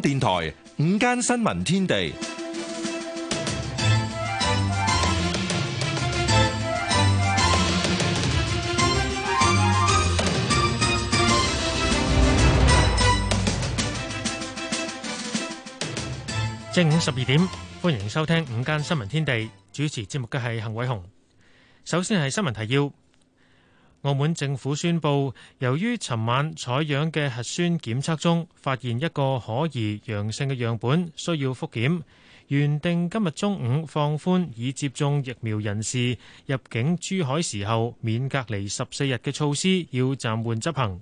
電台午間新聞天地，正午十二點，歡迎收聽午間新聞天地。主持節目嘅係陳偉雄。首先係新聞提要。澳門政府宣佈，由於尋晚採樣嘅核酸檢測中發現一個可疑陽性嘅樣本，需要複檢。原定今日中午放寬已接種疫苗人士入境珠海時候免隔離十四日嘅措施，要暫緩執行。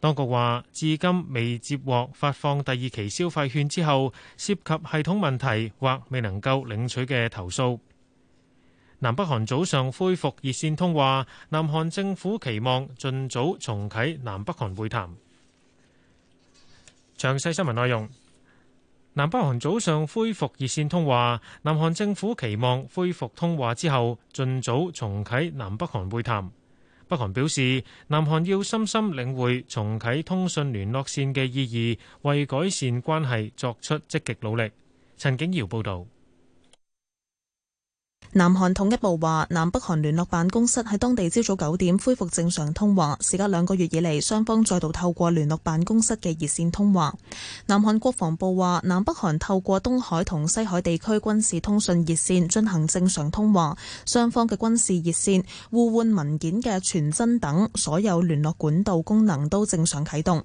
當局話，至今未接獲發放第二期消費券之後涉及系統問題或未能夠領取嘅投訴。南北韓早上恢復熱線通話，南韓政府期望盡早重啟南北韓會談。詳細新聞內容：南北韓早上恢復熱線通話，南韓政府期望恢復通話之後盡早重啟南北韓會談。北韓表示，南韓要深深領會重啟通訊聯絡線嘅意義，為改善關係作出積極努力。陳景堯報道。南韓統一部話，南北韓聯絡辦公室喺當地朝早九點恢復正常通話，時隔兩個月以嚟，雙方再度透過聯絡辦公室嘅熱線通話。南韓國防部話，南北韓透過東海同西海地區軍事通訊熱線進行正常通話，雙方嘅軍事熱線互換文件嘅傳真等所有聯絡管道功能都正常啟動。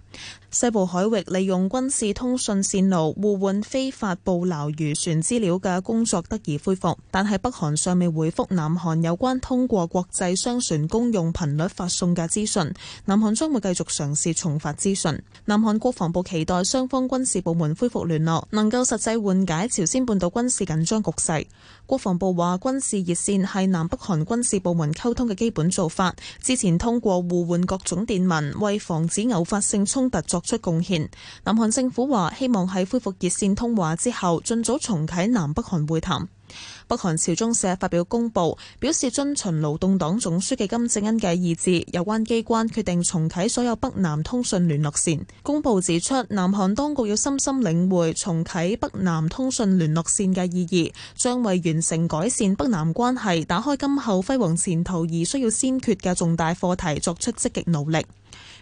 西部海域利用軍事通訊線路互換非法捕撈漁船資料嘅工作得以恢復，但係北韓尚未回覆南韓有關通過國際商船公用頻率發送嘅資訊，南韓將會繼續嘗試重發資訊，南韓國防部期待雙方軍事部門恢復聯絡，能夠實際緩解朝鮮半島軍事緊張局勢，國防部話軍事熱線係南北韓軍事部門溝通嘅基本做法，之前通過互換各種電文，為防止偶發性衝突作出貢獻，南韓政府話希望喺恢復熱線通話之後盡早重啟南北韓會談。北韓朝中社發表公佈，表示遵循勞動黨總書記金正恩嘅意志，有關機關決定重啟所有北南通訊聯絡線。公佈指出，南韓當局要深深領會重啟北南通訊聯絡線嘅意義，將為完成改善北南關係、打開今後輝煌前途而需要先決嘅重大課題作出積極努力。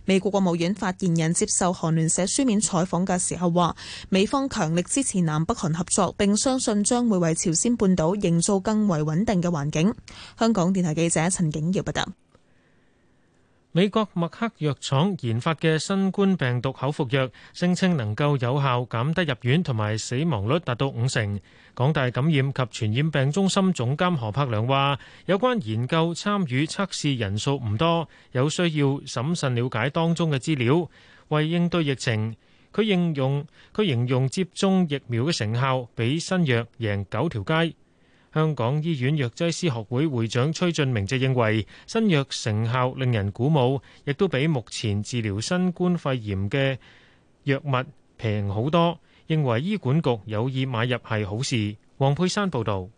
美國國務院發言人接受韓聯社書面採訪嘅時候話，美方強力支持南北韓合作，並相信將會為朝鮮半島營造更為穩定嘅環境。香港電台記者陳景耀報道。美國默克藥廠研發嘅新冠病毒口服藥，聲稱能夠有效減低入院同埋死亡率，達到五成。港大感染及傳染病中心總監何柏良話：有關研究參與測試人數唔多，有需要審慎了解當中嘅資料。為應對疫情，佢形容佢形容接種疫苗嘅成效比新藥贏九條街。香港醫院藥劑師學會會長崔俊明就認為，新藥成效令人鼓舞，亦都比目前治療新冠肺炎嘅藥物平好多，認為醫管局有意買入係好事。黃佩珊報道。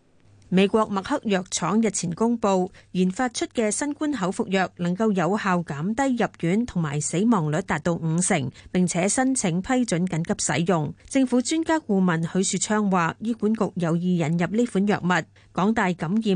美國默克藥廠日前公布研發出嘅新冠口服藥，能夠有效減低入院同埋死亡率，達到五成，並且申請批准緊急使用。政府專家顧問許樹昌話：醫管局有意引入呢款藥物。港大感染及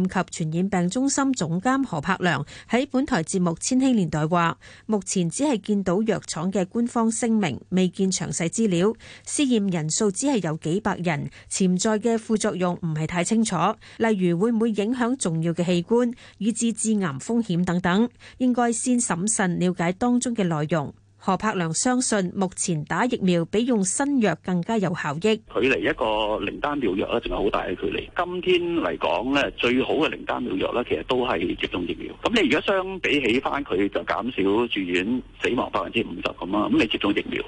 傳染病中心總監何柏良喺本台節目《千禧年代》話，目前只係見到藥廠嘅官方聲明，未見詳細資料。試驗人數只係有幾百人，潛在嘅副作用唔係太清楚，例如會唔會影響重要嘅器官，以致致癌風險等等，應該先審慎了解當中嘅內容。何柏良相信目前打疫苗比用新藥更加有效益，距離一個靈丹妙藥咧，仲有好大嘅距離。今天嚟講咧，最好嘅靈丹妙藥咧，其實都係接種疫苗。咁你如果相比起翻佢就減少住院死亡百分之五十咁啊，咁你接種疫苗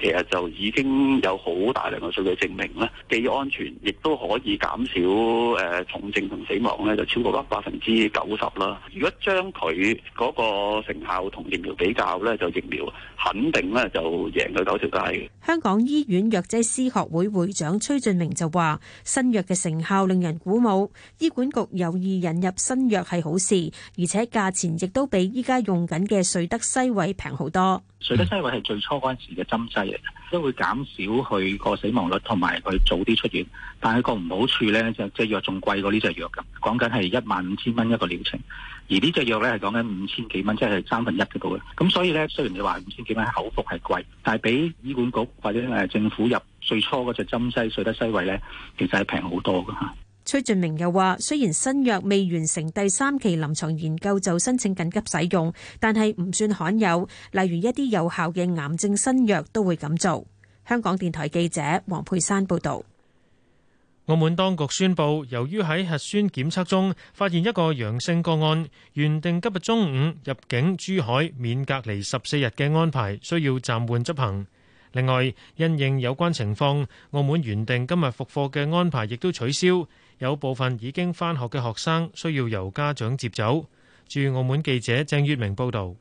其實就已經有好大量嘅數據證明咧，既安全亦都可以減少誒重症同死亡咧，就超過百分之九十啦。如果將佢嗰個成效同疫苗比較咧，就疫苗。肯定咧就贏到九條街。香港醫院藥劑師學會會長崔俊明就話：新藥嘅成效令人鼓舞，醫管局有意引入新藥係好事，而且價錢亦都比依家用緊嘅瑞德西韋平好多。瑞德西韋係最初嗰陣時嘅針劑嚟，都會減少佢個死亡率同埋佢早啲出院。但係個唔好處咧，就即係藥仲貴過呢隻藥咁，講緊係一萬五千蚊一個療程。而呢隻藥咧係講緊五千幾蚊，即係三分一嗰度嘅。咁所以咧，雖然你話五千幾蚊口服係貴，但係比醫管局或者誒政府入最初嗰隻針劑瑞德西維咧，其實係平好多㗎吓。崔俊明又話：雖然新藥未完成第三期臨床研究就申請緊急使用，但係唔算罕有。例如一啲有效嘅癌症新藥都會咁做。香港電台記者黃佩珊報導。澳門當局宣布，由於喺核酸檢測中發現一個陽性個案，原定今日中午入境珠海免隔離十四日嘅安排需要暫緩執行。另外，因應有關情況，澳門原定今日復課嘅安排亦都取消。有部分已經返學嘅學生需要由家長接走。駐澳門記者鄭月明報導。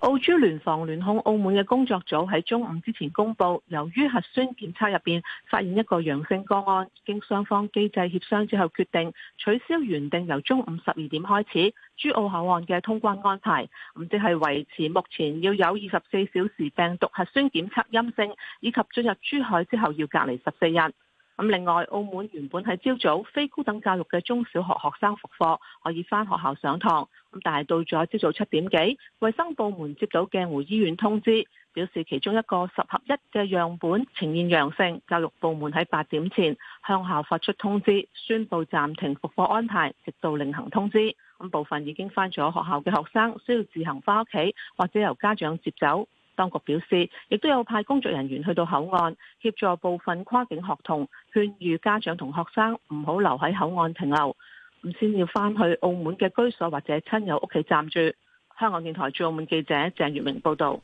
澳珠聯防聯控澳門嘅工作組喺中午之前公佈，由於核酸檢測入邊發現一個陽性個案，經雙方機制協商之後決定取消原定由中午十二點開始珠澳口岸嘅通關安排，咁即係維持目前要有二十四小時病毒核酸檢測陰性，以及進入珠海之後要隔離十四日。咁另外，澳門原本喺朝早非高等教育嘅中小學學生復課可以翻學校上堂。咁但係到咗朝早七點幾，衛生部門接到鏡湖醫院通知，表示其中一個十合一嘅樣本呈現陽性。教育部門喺八點前向校發出通知，宣佈暫停復課安排，直到另行通知。咁部分已經翻咗學校嘅學生，需要自行翻屋企或者由家長接走。當局表示，亦都有派工作人員去到口岸協助部分跨境學童，勸喻家長同學生唔好留喺口岸停留，唔先要返去澳門嘅居所或者親友屋企暫住。香港電台駐澳門記者鄭月明報道。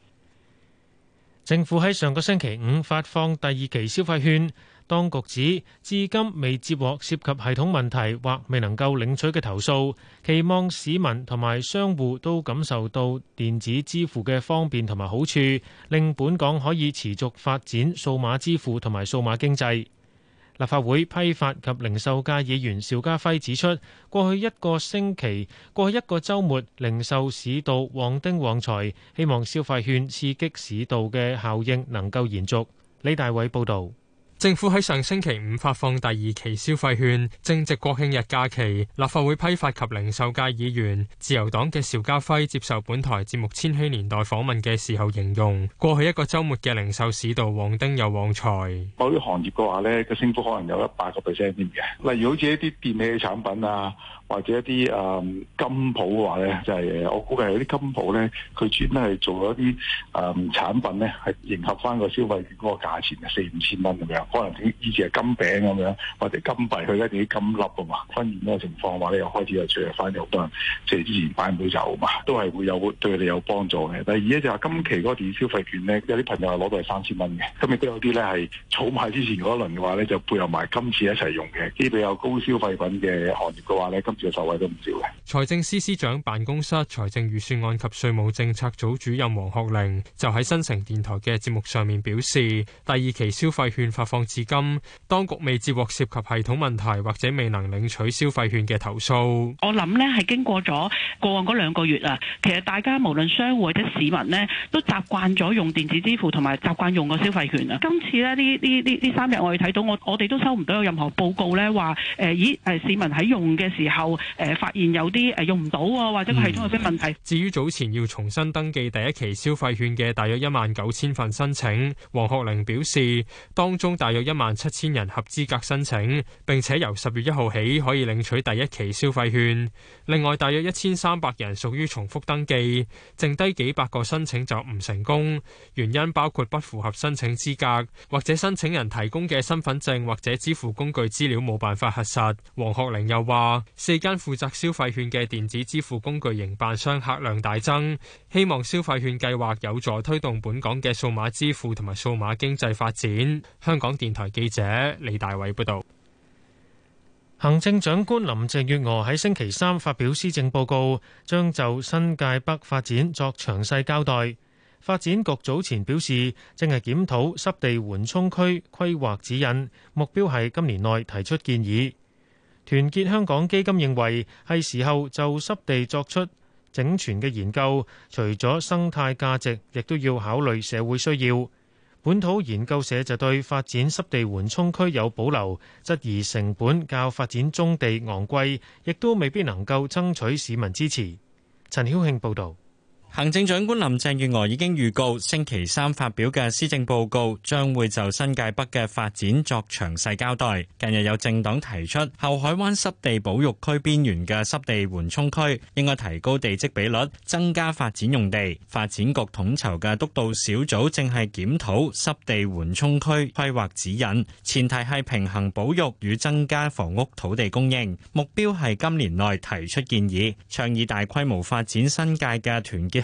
政府喺上個星期五發放第二期消費券。當局指至今未接獲涉及系統問題或未能夠領取嘅投訴，期望市民同埋商戶都感受到電子支付嘅方便同埋好處，令本港可以持續發展數碼支付同埋數碼經濟。立法會批發及零售界議員邵家輝指出，過去一個星期、過去一個週末，零售市道旺丁旺財，希望消費券刺激市道嘅效應能夠延續。李大偉報導。政府喺上星期五發放第二期消費券，正值國慶日假期。立法會批發及零售界議員、自由黨嘅邵家輝接受本台節目《千禧年代》訪問嘅時候，形容過去一個週末嘅零售市道旺丁又旺財。某啲行業嘅話呢，個升幅可能有一百個 percent 添嘅，例如好似一啲電器產品啊。或者一啲誒、嗯、金舖嘅話咧，就係、是、我估計有啲金舖咧，佢專咧係做咗啲誒產品咧，係迎合翻個消費券嗰個價錢四五千蚊咁樣，可能以前係金餅咁樣，或者金幣，佢咧啲金粒啊嘛，分段呢個情況嘅話咧，又開始又出嚟翻好多人借之前買唔到就啊嘛，都係會有對你有幫助嘅。第二咧就係今期嗰個電子消費券咧，有啲朋友係攞到係三千蚊嘅，咁亦都有啲咧係儲埋之前嗰輪嘅話咧，就配合埋今次一齊用嘅，啲比較高消費品嘅行業嘅話咧，今。嘅座位都唔少嘅。財政司司長辦公室財政預算案及稅務政策組主任黃學玲就喺新城電台嘅節目上面表示，第二期消費券發放至今，當局未接獲涉及系統問題或者未能領取消費券嘅投訴，我諗咧，係經過咗過往嗰兩個月啊，其實大家無論商戶或者市民咧，都習慣咗用電子支付同埋習慣用個消費券啊。今次咧，呢呢呢呢三日我哋睇到，我我哋都收唔到有任何報告咧話誒咦誒市民喺用嘅時候。就誒發現有啲誒用唔到，啊、嗯，或者系統有啲問題。至於早前要重新登記第一期消費券嘅大約一萬九千份申請，黃學玲表示，當中大約一萬七千人合資格申請，並且由十月一號起可以領取第一期消費券。另外，大約一千三百人屬於重複登記，剩低幾百個申請就唔成功，原因包括不符合申請資格，或者申請人提供嘅身份證或者支付工具資料冇辦法核實。黃學玲又話。四間負責消費券嘅電子支付工具營辦商客量大增，希望消費券計劃有助推動本港嘅數碼支付同埋數碼經濟發展。香港電台記者李大偉報道。行政長官林鄭月娥喺星期三發表施政報告，將就新界北發展作詳細交代。發展局早前表示，正係檢討濕地緩衝區規劃指引，目標係今年內提出建議。團結香港基金認為係時候就濕地作出整全嘅研究，除咗生態價值，亦都要考慮社會需要。本土研究社就對發展濕地緩衝區有保留，質疑成本較發展棕地昂貴，亦都未必能夠爭取市民支持。陳曉慶報導。行政長官林鄭月娥已經預告，星期三發表嘅施政報告將會就新界北嘅發展作詳細交代。近日有政黨提出，後海灣濕地保育區邊緣嘅濕地緩衝區應該提高地積比率，增加發展用地。發展局統籌嘅督導小組正係檢討濕地緩衝區規劃指引，前提係平衡保育與增加房屋土地供應，目標係今年內提出建議，倡議大規模發展新界嘅團結。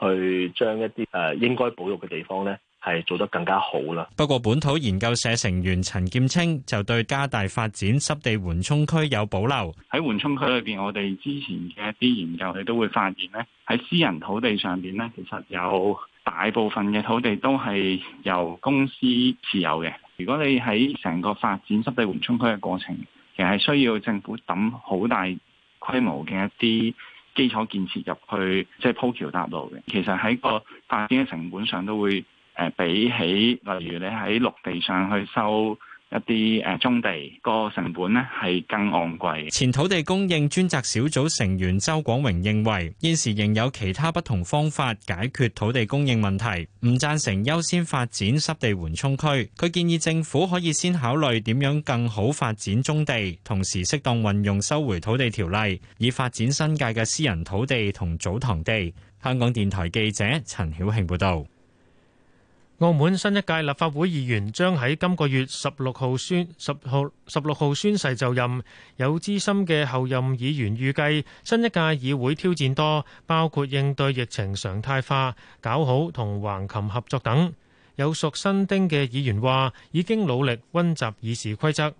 去將一啲誒應該保育嘅地方呢，係做得更加好啦。不過，本土研究社成員陳劍青就對加大發展濕地緩衝區有保留。喺緩衝區裏邊，我哋之前嘅一啲研究，你都會發現呢，喺私人土地上邊呢，其實有大部分嘅土地都係由公司持有嘅。如果你喺成個發展濕地緩衝區嘅過程，其實係需要政府抌好大規模嘅一啲基礎建設入去，即係鋪橋搭路嘅，其實喺個發展嘅成本上都會誒比起，例如你喺陸地上去收，一啲誒宗地個成本咧係更昂貴。前土地供應專責小組成員周廣榮認為，現時仍有其他不同方法解決土地供應問題，唔贊成優先發展濕地緩衝區。佢建議政府可以先考慮點樣更好發展宗地，同時適當運用收回土地條例，以發展新界嘅私人土地同祖堂地。香港電台記者陳曉慶報道。澳門新一屆立法會議員將喺今個月十六號宣十號十六號宣誓就任。有資深嘅候任議員預計，新一屆議會挑戰多，包括應對疫情常態化、搞好同橫琴合作等。有屬新丁嘅議員話，已經努力温習議事規則。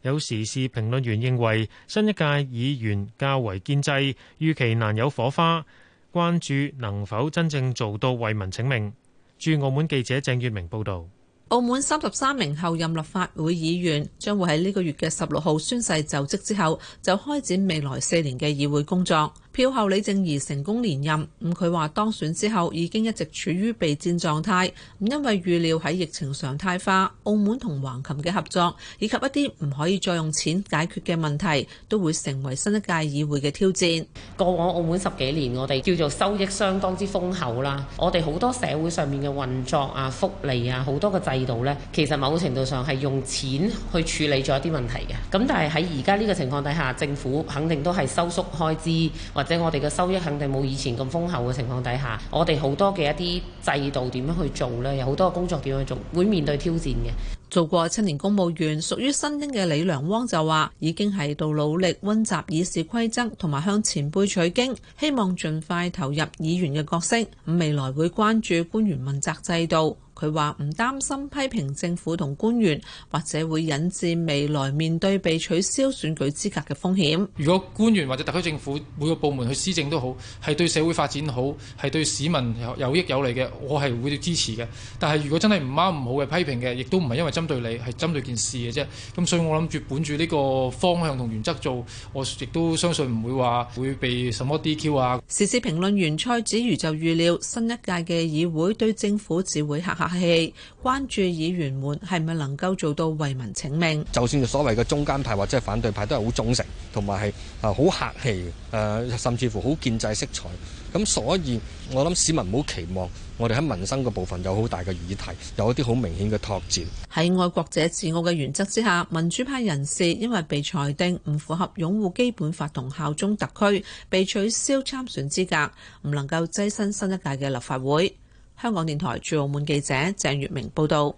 有時事評論員認為，新一屆議員較為建制，預期難有火花，關注能否真正做到為民請命。駐澳門記者鄭月明報道：澳門三十三名候任立法會議員將會喺呢個月嘅十六號宣誓就職之後，就開展未來四年嘅議會工作。票後李靜儀成功連任，咁佢話當選之後已經一直處於備戰狀態，咁因為預料喺疫情常態化，澳門同橫琴嘅合作以及一啲唔可以再用錢解決嘅問題，都會成為新一屆議會嘅挑戰。過往澳門十幾年，我哋叫做收益相當之豐厚啦，我哋好多社會上面嘅運作啊、福利啊，好多嘅制度咧，其實某程度上係用錢去處理咗一啲問題嘅。咁但係喺而家呢個情況底下，政府肯定都係收縮開支。或者我哋嘅收益肯定冇以前咁豐厚嘅情況底下，我哋好多嘅一啲制度點樣去做咧，有好多工作點樣做，會面對挑戰嘅。做過七年公務員，屬於新英嘅李良汪就話，已經喺度努力溫習議事規則同埋向前輩取經，希望盡快投入議員嘅角色。未來會關注官員問責制度。佢話唔擔心批評政府同官員，或者會引致未來面對被取消選舉資格嘅風險。如果官員或者特區政府每個部門去施政都好，係對社會發展好，係對市民有有益有利嘅，我係會支持嘅。但係如果真係唔啱唔好嘅批評嘅，亦都唔係因為針對你，係針對件事嘅啫。咁所以我諗住本住呢個方向同原則做，我亦都相信唔會話會被什麼 DQ 啊。時事評論員蔡子瑜就預料新一屆嘅議會對政府只會吓吓。氣關注議員們係咪能夠做到為民請命？就算係所謂嘅中間派或者反對派都，都係好忠誠，同埋係啊好客氣誒，甚至乎好建制色彩。咁所以我諗市民唔好期望我哋喺民生嘅部分有好大嘅議題，有一啲好明顯嘅拓展。喺愛國者治澳嘅原則之下，民主派人士因為被裁定唔符合擁護基本法同效忠特區，被取消參選資格，唔能夠躋身新一屆嘅立法會。香港電台駐澳門記者鄭月明報道：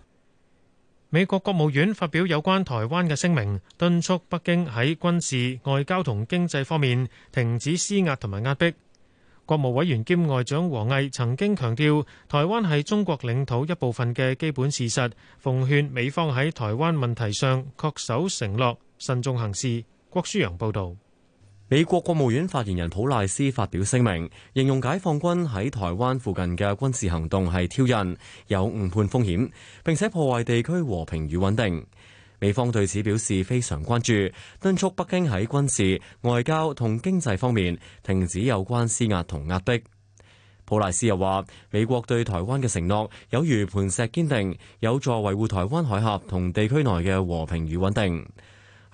美國國務院發表有關台灣嘅聲明，敦促北京喺軍事、外交同經濟方面停止施壓同埋壓迫。國務委員兼外長王毅曾經強調，台灣係中國領土一部分嘅基本事實，奉勸美方喺台灣問題上恪守承諾，慎重行事。郭書陽報道。美國國務院發言人普賴斯發表聲明，形容解放軍喺台灣附近嘅軍事行動係挑釁，有誤判風險，並且破壞地區和平與穩定。美方對此表示非常關注，敦促北京喺軍事、外交同經濟方面停止有關施壓同壓迫。普賴斯又話，美國對台灣嘅承諾有如磐石堅定，有助維護台灣海峽同地區內嘅和平與穩定。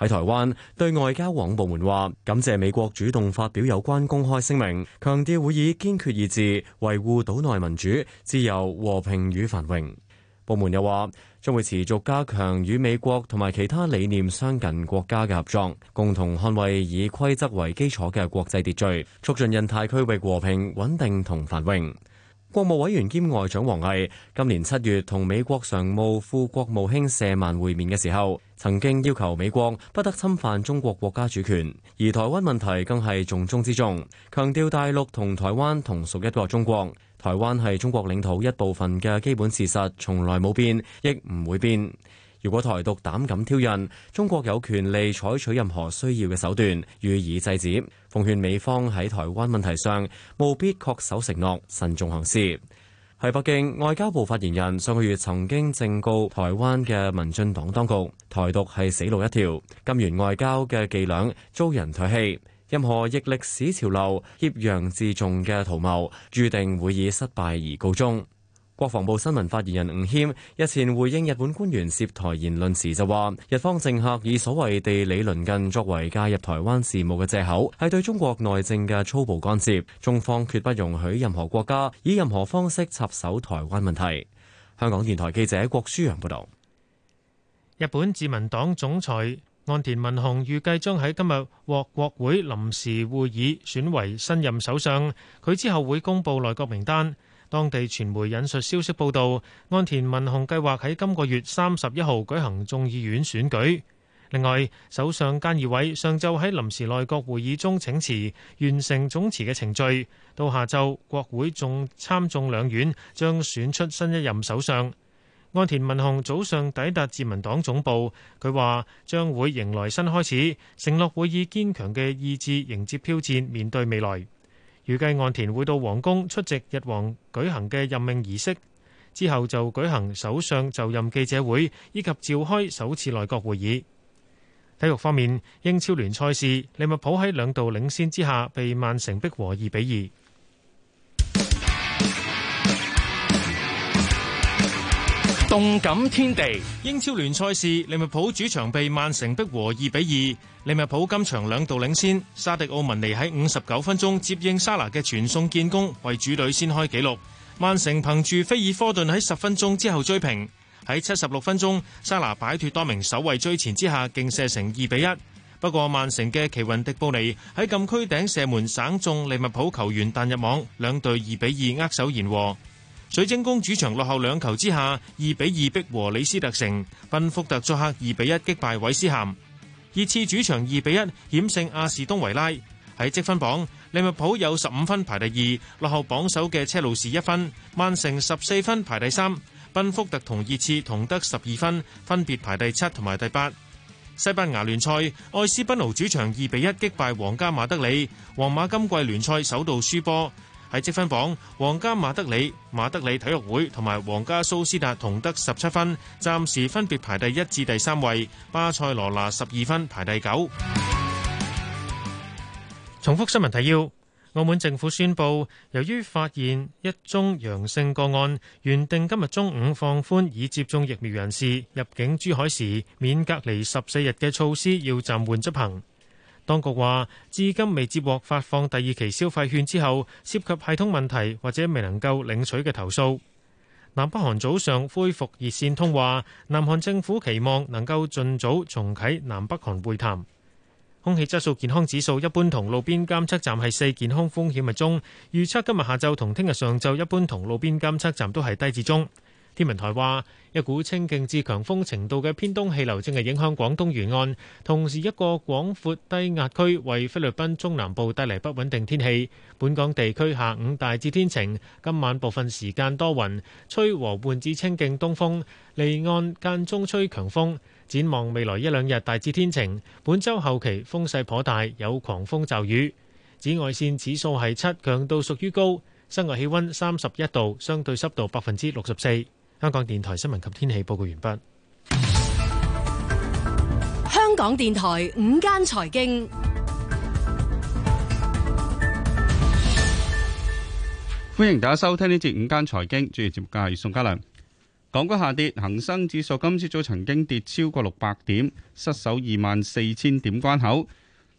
喺台灣，對外交往部門話感謝美國主動發表有關公開聲明，強調會以堅決意志維護島內民主、自由、和平與繁榮。部門又話將會持續加強與美國同埋其他理念相近國家嘅合作，共同捍衛以規則為基礎嘅國際秩序，促進印太區域和平、穩定同繁榮。國務委員兼外長王毅今年七月同美國常務副國務卿舍曼會面嘅時候，曾經要求美國不得侵犯中國國家主權，而台灣問題更係重中之重，強調大陸同台灣同屬一個中國，台灣係中國領土一部分嘅基本事實，從來冇變，亦唔會變。如果台獨膽敢挑釁，中國有權利採取任何需要嘅手段予以制止。奉勸美方喺台灣問題上務必恪守承諾，慎重行事。喺北京，外交部發言人上個月曾經正告台灣嘅民進黨當局，台獨係死路一條，金元外交嘅伎倆遭人唾棄，任何逆歷史潮流、挾洋自重嘅圖謀，註定會以失敗而告終。國防部新聞發言人吳謙日前回應日本官員涉台言論時就話：日方政客以所謂地理鄰近作為介入台灣事務嘅借口，係對中國內政嘅粗暴干涉。中方決不容許任何國家以任何方式插手台灣問題。香港電台記者郭舒揚報道，日本自民黨總裁岸田文雄預計將喺今日獲國會臨時會議選為新任首相，佢之後會公布內閣名單。當地傳媒引述消息報道，安田文雄計劃喺今個月三十一號舉行眾議院選舉。另外，首相菅義偉上晝喺臨時內閣會議中請辭，完成總辭嘅程序。到下晝，國會仲參眾兩院將選出新一任首相。安田文雄早上抵達自民黨總部，佢話將會迎來新開始，承諾會以堅強嘅意志迎接挑戰，面對未來。預計岸田會到皇宮出席日王舉行嘅任命儀式，之後就舉行首相就任記者會，以及召開首次內閣會議。體育方面，英超聯賽事，利物浦喺兩度領先之下，被曼城逼和二比二。動感天地！英超聯賽事，利物浦主場被曼城逼和二比二。利物浦今場兩度領先，沙迪奧文尼喺五十九分鐘接應沙拿嘅傳送建功，為主隊先開紀錄。曼城憑住菲爾科頓喺十分鐘之後追平，喺七十六分鐘沙拿擺脱多名守衛追前之下，勁射成二比一。不過曼城嘅奇雲迪布尼喺禁區頂射門省中利物浦球員彈入網，兩隊二比二握手言和。水晶宮主場落後兩球之下，二比二逼和李斯特城，奔福特作客二比一擊敗韋斯咸，熱刺主場二比一險勝阿士東維拉。喺積分榜，利物浦有十五分排第二，落後榜首嘅車路士一分，曼城十四分排第三，奔福特同熱刺同得十二分，分別排第七同埋第八。西班牙聯賽，愛斯賓奴主場二比一擊敗皇家馬德里，皇馬今季聯賽首度輸波。喺積分榜，皇家馬德里、馬德里體育會同埋皇家蘇斯達同得十七分，暫時分別排第一至第三位。巴塞羅那十二分，排第九。重複新聞提要：澳門政府宣布，由於發現一宗陽性個案，原定今日中午放寬已接種疫苗人士入境珠海時免隔離十四日嘅措施，要暫緩執行。當局話，至今未接獲發放第二期消費券之後，涉及系統問題或者未能夠領取嘅投訴。南北韓早上恢復熱線通話，南韓政府期望能夠盡早重啟南北韓會談。空氣質素健康指數一般同路邊監測站係四健康風險物中，預測今日下晝同聽日上晝一般同路邊監測站都係低至中。天文台話一股清勁至強風程度嘅偏東氣流正係影響廣東沿岸，同時一個廣闊低壓區為菲律賓中南部帶嚟不穩定天氣，本港地區下午大致天晴，今晚部分時間多雲，吹和緩至清勁東風，離岸間中吹強風。展望未來一兩日大致天晴，本周後期風勢頗大，有狂風驟雨。紫外線指數係七，強度屬於高。室外氣溫三十一度，相對濕度百分之六十四。香港電台新聞及天氣報告完畢。香港電台午間財經，歡迎大家收聽呢節午間財經。主持節目嘅係宋嘉良。港股下跌，恒生指數今朝早曾經跌超過六百點，失守二萬四千點關口。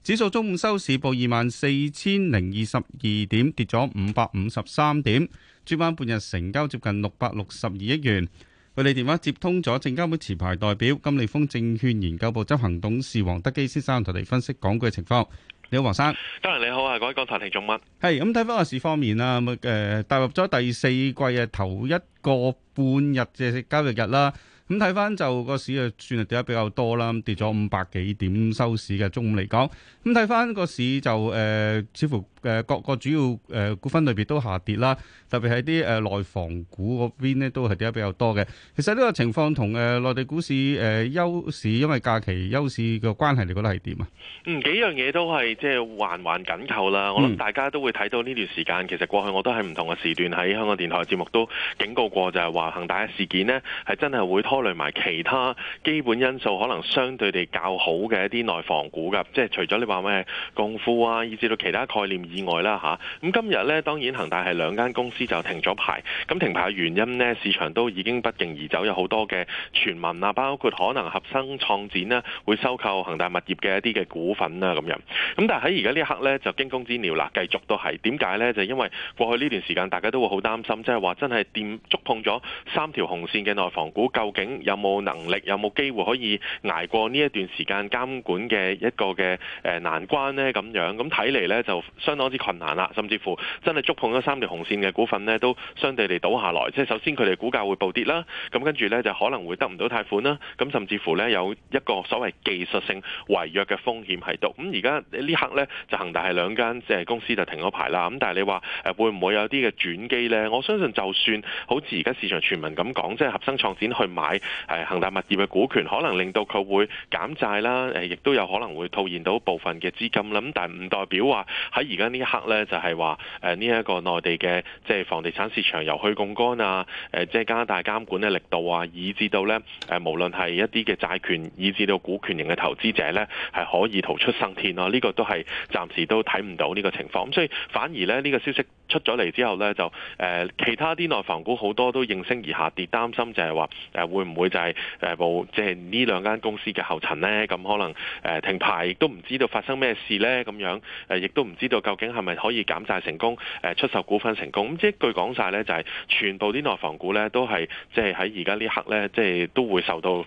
指數中午收市報二萬四千零二十二點，跌咗五百五十三點。主板半日成交接近六百六十二億元。佢哋電話接通咗證監會持牌代表金利豐證券研究部執行董事黃德基先生，同你分析港股嘅情況。你好，黃生，家人你好啊，各位講頭先做乜？係咁睇翻個市方面啊，咁誒，踏入咗第四季嘅頭一個半日嘅交易日啦。咁睇翻就個市啊，算係跌得比較多啦，跌咗五百幾點收市嘅中午嚟講。咁睇翻個市就誒、呃，似乎嘅各個主要誒股份類別都下跌啦，特別係啲誒內房股嗰邊咧，都係跌得比較多嘅。其實呢個情況同誒內地股市誒、呃、休市，因為假期休市嘅關係，你覺得係點啊？嗯，幾樣嘢都係即係環環緊扣啦。我諗大家都會睇到呢段時間，嗯、其實過去我都喺唔同嘅時段喺香港電台嘅節目都警告過，就係話恒大嘅事件呢係真係會拖。嚟埋其他基本因素，可能相對地較好嘅一啲內房股㗎，即係除咗你話咩共富啊，以至到其他概念以外啦吓，咁今日咧，當然恒大係兩間公司就停咗牌。咁停牌嘅原因咧，市場都已經不脛而走，有好多嘅傳聞啊，包括可能合生創展咧會收購恒大物業嘅一啲嘅股份啊咁樣，咁但係喺而家呢一刻咧，就驚弓之鳥啦，繼續都係點解咧？就因為過去呢段時間大家都會好擔心，即係話真係掂觸碰咗三條紅線嘅內房股，究竟？有冇能力，有冇機會可以捱過呢一段時間監管嘅一個嘅誒難關呢？咁樣咁睇嚟呢就相當之困難啦。甚至乎真係觸碰咗三條紅線嘅股份呢，都相對地倒下來。即係首先佢哋股價會暴跌啦，咁跟住呢就可能會得唔到貸款啦，咁甚至乎呢有一個所謂技術性違約嘅風險喺度。咁而家呢刻呢，就恒大係兩間誒公司就停咗牌啦。咁但係你話誒會唔會有啲嘅轉機呢？我相信就算好似而家市場傳聞咁講，即係合生創展去買。喺誒恒大物業嘅股權，可能令到佢會減債啦。誒，亦都有可能會套現到部分嘅資金啦。咁但係唔代表話喺而家呢一刻呢，就係話誒呢一個內地嘅即係房地產市場由去槓桿啊。誒，即係加大監管嘅力度啊，以至到呢，誒，無論係一啲嘅債權，以至到股權型嘅投資者呢，係可以逃出生天咯。呢、呢個都係暫時都睇唔到呢個情況。咁所以反而呢，呢個消息出咗嚟之後呢，就誒其他啲內房股好多都應聲而下跌，擔心就係話誒會。會唔會就係誒冇，即係呢兩間公司嘅後塵咧？咁可能誒停牌亦都唔知道發生咩事咧，咁樣誒亦都唔知道究竟係咪可以減債成功誒出售股份成功，咁即係一句講晒咧，就係全部啲內房股咧都係即係喺而家呢刻咧，即係都會受到誒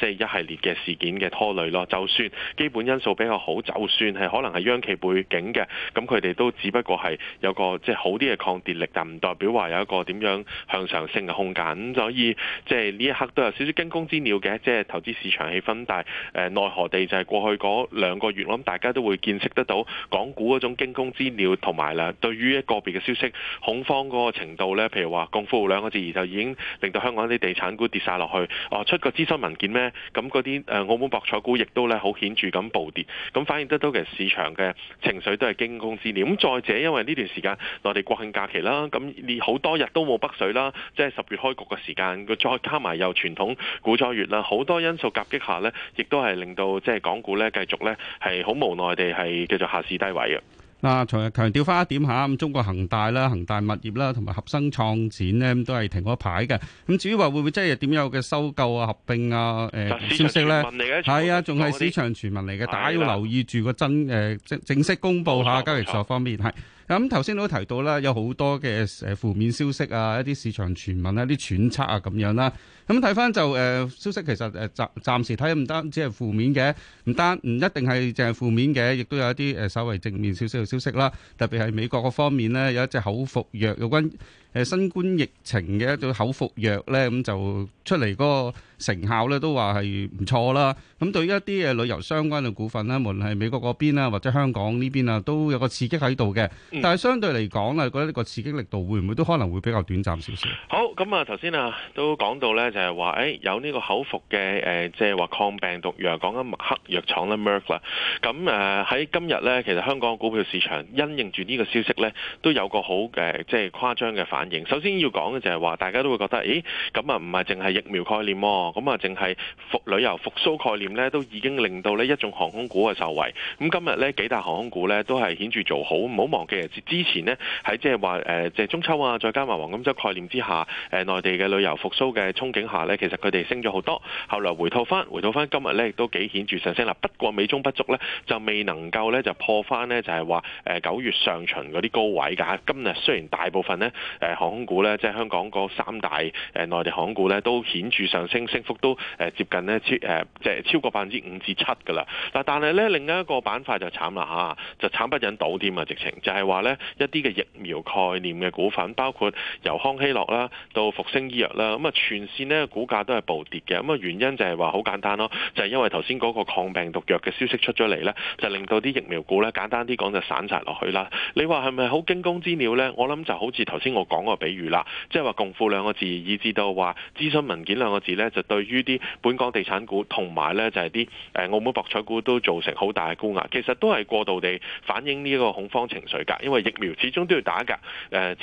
即係一系列嘅事件嘅拖累咯。就算基本因素比較好，就算係可能係央企背景嘅，咁佢哋都只不過係有個即係好啲嘅抗跌力，但唔代表話有一個點樣向上升嘅空間。咁所以即係呢一刻。都有少少驚弓之鳥嘅，即係投資市場氣氛。但係誒、呃，奈何地就係、是、過去嗰兩個月，我諗大家都會見識得到港股嗰種驚弓之鳥，同埋啦，對於一個別嘅消息恐慌嗰個程度呢，譬如話，共富兩個字，而就已經令到香港啲地產股跌晒落去。哦，出個諮詢文件咩？咁嗰啲澳門博彩股亦都呢，好顯著咁暴跌。咁反映得到嘅市場嘅情緒都係驚弓之鳥。咁再者，因為呢段時間內地國慶假期啦，咁好多日都冇北水啦，即係十月開局嘅時間，佢再加埋又，傳統股災月啦，好多因素夾擊下咧，亦都係令到即係港股咧繼續咧係好無奈地係叫做下市低位嘅。嗱，仲有強調返一點嚇，咁中國恒大啦、恒大物業啦，同埋合生創展咧，都係停咗牌嘅。咁至於話會唔會即係點樣有嘅收購啊、合併啊、誒消息咧？係啊，仲係市場傳聞嚟嘅，大家要留意住個真誒正正式公佈嚇交易所方面係。咁頭先都提到啦，有好多嘅誒負面消息啊，一啲市場傳聞啊，一啲揣測啊咁樣啦。咁睇翻就誒消,消,消息，其實誒暫暫時睇唔單只係負面嘅，唔單唔一定係淨係負面嘅，亦都有一啲誒稍為正面少少嘅消息啦。特別係美國嗰方面呢，有一隻口服藥有關誒新冠疫情嘅一種口服藥咧，咁就出嚟嗰個成效咧，都話係唔錯啦。咁對於一啲誒旅遊相關嘅股份咧，無論係美國嗰邊啦，或者香港呢邊啊，都有個刺激喺度嘅。嗯、但係相對嚟講啦，覺得呢個刺激力度會唔會都可能會比較短暫少少？好，咁啊頭先啊都講到咧。就係話，誒、哎、有呢個口服嘅誒，即係話抗病毒藥，講緊默克藥廠啦 Merck 啦。咁誒喺今日呢，其實香港股票市場因應住呢個消息呢，都有個好誒、呃，即係誇張嘅反應。首先要講嘅就係話大家都會覺得，咦，咁啊，唔係淨係疫苗概念喎、哦，咁啊，淨係復旅遊復甦概念呢，都已經令到呢一眾航空股嘅受惠。咁今日呢，幾大航空股呢，都係顯著做好。唔好忘記之前呢，喺即係話誒，即、呃、係中秋啊，再加埋黃金周概念之下，誒、呃、內地嘅旅遊復甦嘅衝擊。下呢，其實佢哋升咗好多，後來回吐翻，回吐翻今日呢亦都幾顯著上升啦。不過美中不足呢，就未能夠呢就破翻呢，就係話誒九月上旬嗰啲高位㗎。今日雖然大部分呢誒航空股呢，即係香港嗰三大誒內地航空股呢，都顯著上升，升幅都誒接近呢，超誒即係超過百分之五至七㗎啦。嗱，但係呢，另一個板塊就慘啦嚇，就慘不忍睹添啊！直情就係話呢，一啲嘅疫苗概念嘅股份，包括由康希諾啦到復星醫藥啦，咁啊全線。即係股價都係暴跌嘅，咁啊原因就係話好簡單咯，就係因為頭先嗰個抗病毒藥嘅消息出咗嚟呢，就令到啲疫苗股咧，簡單啲講就散晒落去啦。你話係咪好驚弓之鳥呢？我諗就好似頭先我講個比喻啦，即係話共富兩個字，以至到話諮詢文件兩個字呢就對於啲本港地產股同埋呢就係啲澳門博彩股都造成好大嘅沽壓。其實都係過度地反映呢個恐慌情緒㗎，因為疫苗始終都要打㗎，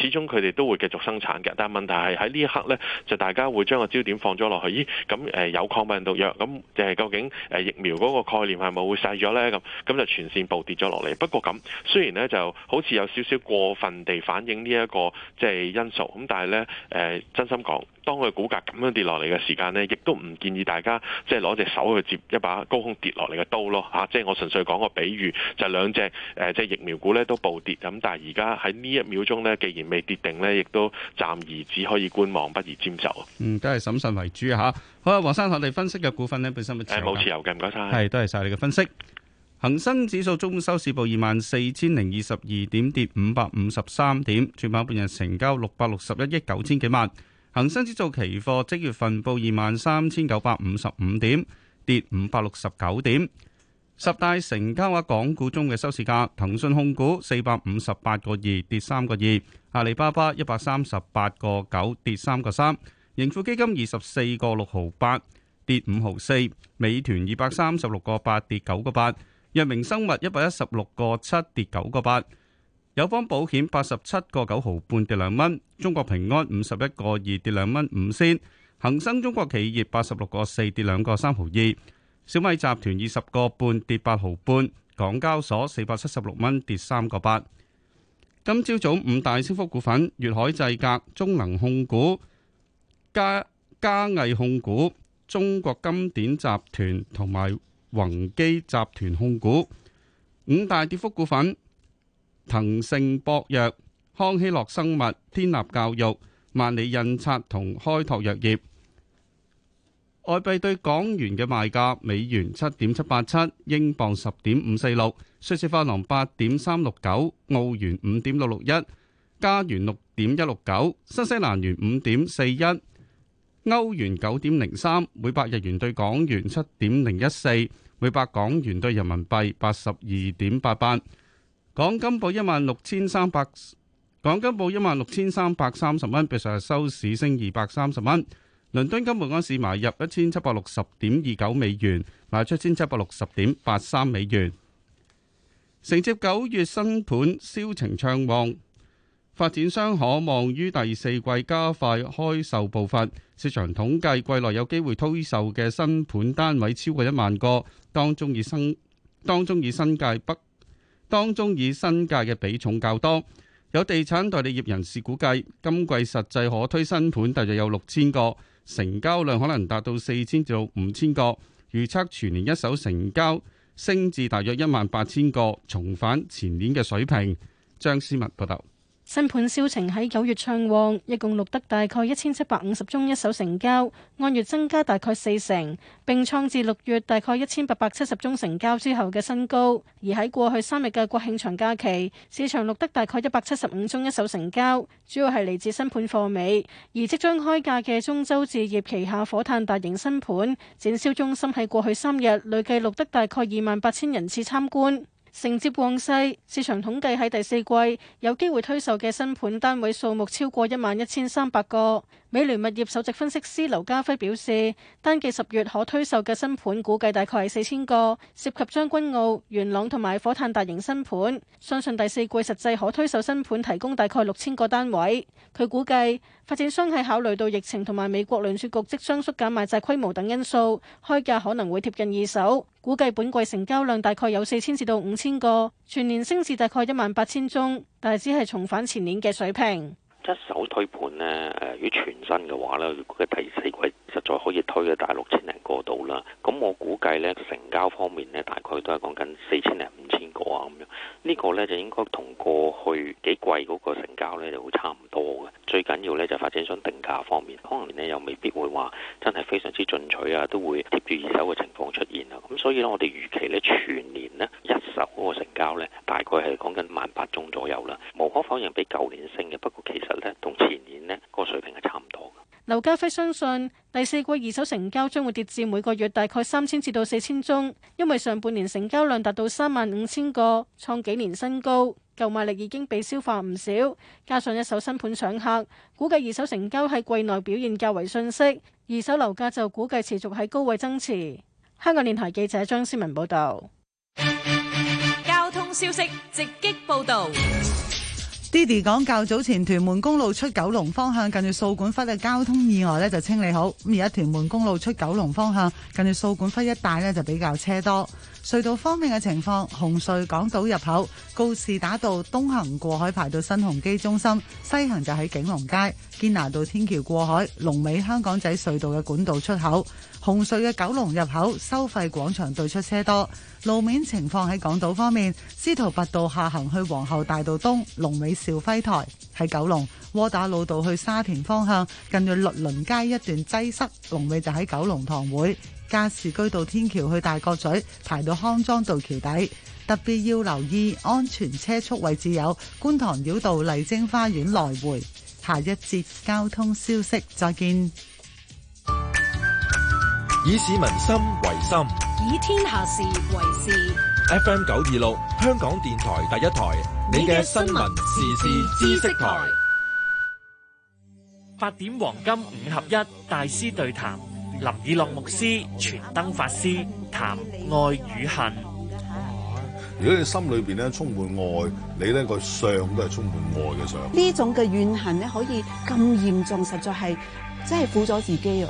始終佢哋都會繼續生產嘅。但係問題係喺呢一刻呢，就大家會將個點放咗落去？咦，咁誒有抗病毒藥，咁誒究竟誒疫苗嗰個概念係咪會細咗呢？咁咁就全線暴跌咗落嚟。不過咁，雖然呢就好似有少少過分地反映呢一個即係因素，咁但係呢，誒真心講，當佢股價咁樣跌落嚟嘅時間呢，亦都唔建議大家即係攞隻手去接一把高空跌落嚟嘅刀咯。嚇，即係我純粹講個比喻，就兩隻誒即係疫苗股呢都暴跌咁，但係而家喺呢一秒鐘呢，既然未跌定呢，亦都暫而止，可以觀望，不宜沾手。嗯，審慎為主啊！吓，好啊，黃生，我哋分析嘅股份呢，本身係冇持有嘅，唔該晒，係多謝晒你嘅分析。恒生指數中午收市報二萬四千零二十二點，跌五百五十三點，全盤半日成交六百六十一億九千幾萬。恒生指數期貨即月份報二萬三千九百五十五點，跌五百六十九點。十大成交嘅港股中嘅收市價，騰訊控股四百五十八個二，跌三個二，阿里巴巴一百三十八個九，跌三個三。盈富基金二十四個六毫八，跌五毫四；美團二百三十六個八，跌九個八；藥明生物一百一十六個七，跌九個八；友邦保險八十七個九毫半，跌兩蚊；中國平安五十一個二，跌兩蚊五仙；恒生中國企業八十六個四，跌兩個三毫二；小米集團二十個半，跌八毫半；港交所四百七十六蚊，跌三個八。今朝早五大升幅股份：粵海製革、中能控股。嘉嘉毅控股、中國金典集團同埋宏基集團控股。五大跌幅股份：騰盛博藥、康希諾生物、天立教育、萬里印刷同開拓藥業。外幣對港元嘅賣價：美元七點七八七，英鎊十點五四六，瑞士法郎八點三六九，澳元五點六六一，加元六點一六九，新西蘭元五點四一。歐元九點零三，每百日元對港元七點零一四，每百港元對人民幣八十二點八八。港金報一萬六千三百，港金報一萬六千三百三十蚊，比上日收市升二百三十蚊。倫敦金每安士買入一千七百六十點二九美元，賣出一千七百六十點八三美元。承接九月新盤銷情暢旺。發展商可望於第四季加快開售步伐。市場統計，季內有機會推售嘅新盤單位超過一萬個，當中以新，當中以新界北，當中以新界嘅比重較多。有地產代理業人士估計，今季實際可推新盤大約有六千個，成交量可能達到四千至五千個。預測全年一手成交升至大約一萬八千個，重返前年嘅水平。張思密報道。新盤銷情喺九月暢旺，一共錄得大概一千七百五十宗一手成交，按月增加大概四成，並創自六月大概一千八百七十宗成交之後嘅新高。而喺過去三日嘅國慶長假期，市場錄得大概一百七十五宗一手成交，主要係嚟自新盤貨尾。而即將開價嘅中洲置業旗下火炭大型新盤展銷中心喺過去三日，累計錄得大概二萬八千人次參觀。承接旺勢，市場統計喺第四季有機會推售嘅新盤單位數目超過一萬一千三百個。美聯物業首席分析師劉家輝表示，單計十月可推售嘅新盤估計大概係四千個，涉及將軍澳、元朗同埋火炭大型新盤。相信第四季實際可推售新盤提供大概六千個單位。佢估計發展商係考慮到疫情同埋美國聯儲局即將縮減賣債規模等因素，開價可能會貼近二手。估計本季成交量大概有四千至到五千個，全年升至大概一萬八千宗，但係只係重返前年嘅水平。一手推盤呢。如果全新嘅話，咧，如果喺第四季實在可以推嘅大六千零個度啦，咁我估計咧，成交方面咧，大概都係講緊四千零五千個啊咁樣。這個、呢個咧就應該同過去幾季嗰個成交咧就會差唔多嘅。最緊要咧就是、發展商定價方面，可能咧又未必會話真係非常之進取啊，都會貼住二手嘅情況出現啊。咁所以咧，我哋預期咧全年咧一手嗰個成交咧，大概係講緊萬八宗左右啦。無可否認比舊年升嘅，不過其實咧同前年呢個水平，差唔多。劉家輝相信第四季二手成交將會跌至每個月大概三千至到四千宗，因為上半年成交量達到三萬五千個，創幾年新高，購買力已經被消化唔少，加上一手新盤搶客，估計二手成交喺季內表現較為遜色，二手樓價就估計持續喺高位爭持。香港電台記者張思文報道。交通消息直擊報道。Didi 講較早前屯門公路出九龍方向近住掃管笏嘅交通意外咧就清理好，咁而家屯門公路出九龍方向近住掃管笏一帶咧就比較車多。隧道方面嘅情況，紅隧港島入口告士打道東行過海排到新鴻基中心，西行就喺景隆街堅拿道天橋過海，龍尾香港仔隧道嘅管道出口，紅隧嘅九龍入口收費廣場對出車多。路面情況喺港島方面，司徒拔道下行去皇后大道東龍尾兆輝台喺九龍，窩打老道去沙田方向近住律倫街一段擠塞龍尾就喺九龍塘會，加士居道天橋去大角咀排到康莊道橋底，特別要留意安全車速位置有觀塘繞道麗晶花園來回。下一節交通消息，再見。以市民心為心，以天下事為事。FM 九二六，香港電台第一台，你嘅新聞、時事、知識台。八點黃金五合一大師對談，林以洛牧師、全登法師談愛與恨。如果你心裏邊咧充滿愛，你呢個相都係充滿愛嘅相。呢種嘅怨恨咧可以咁嚴重，實在係真係苦咗自己啊！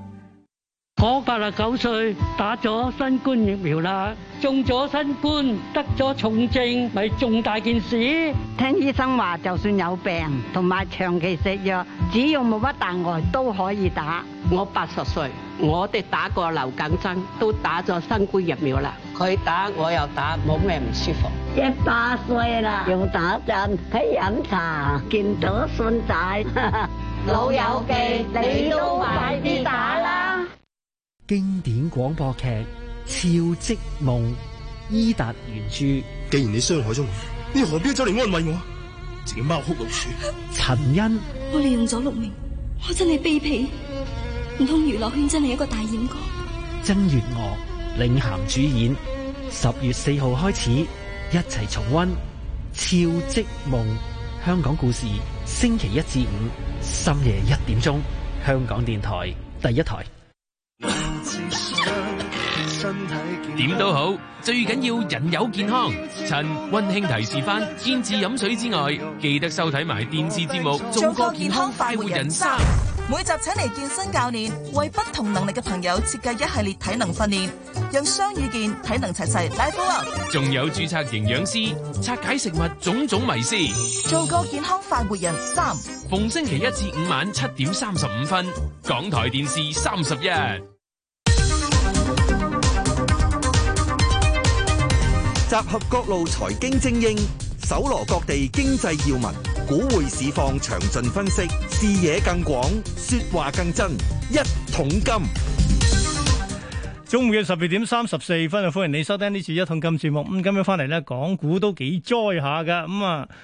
我八十九歲，打咗新冠疫苗啦，中咗新冠，得咗重症，咪重大件事。聽醫生話，就算有病同埋長期食藥，只要冇乜大礙都可以打。我八十歲，我哋打過流感針，都打咗新冠疫苗啦。佢打，我又打，冇咩唔舒服。一百歲啦，又打針，喺飲茶，見到信仔，老友記，你都快啲打啦！經典廣播劇《超職夢》，伊達原著。既然你傷害咗我，你何必走嚟安慰我？自己貓哭老鼠。陳恩，我利用咗六名，我真係卑鄙，唔通娛樂圈真係一個大染缸？曾月娥，領銜主演，十月四號開始一齊重溫《超職夢》，香港故事，星期一至五深夜一點鐘，香港電台第一台。身體健點都好，最緊要人有健康。趁溫馨提示翻，堅持飲水之外，記得收睇埋電視節目，做個健康快活人三。人每集請嚟健身教練，為不同能力嘅朋友設計一系列體能訓練，讓雙語健體能齊齊。w e l c o m，仲有注冊營養師拆解食物種種迷思，做個健康快活人三，逢星期一至五晚七點三十五分，港台電視三十一。集合各路財經精英，搜羅各地經濟要聞，股匯市況詳盡分析，視野更廣，說話更真。一桶金，中午嘅十二點三十四分啊！歡迎你收聽呢次一桶金節目。咁今日翻嚟呢，港股都幾災下噶咁啊！嗯